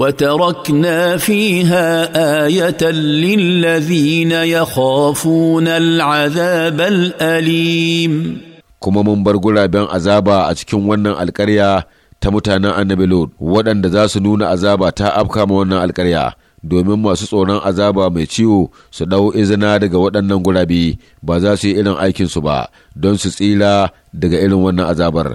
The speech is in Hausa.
وتركنا فيها ايه للذين يخافون العذاب الاليم kuma mun bar guraben azaba a cikin wannan alkarya ta mutanen annabi lod waɗanda za su nuna azaba ta afka ma wannan alkarya domin masu tsoron azaba mai ciwo su ɗau izina daga waɗannan gurabe ba za su yi irin aikinsu ba don su tsira daga irin wannan azabar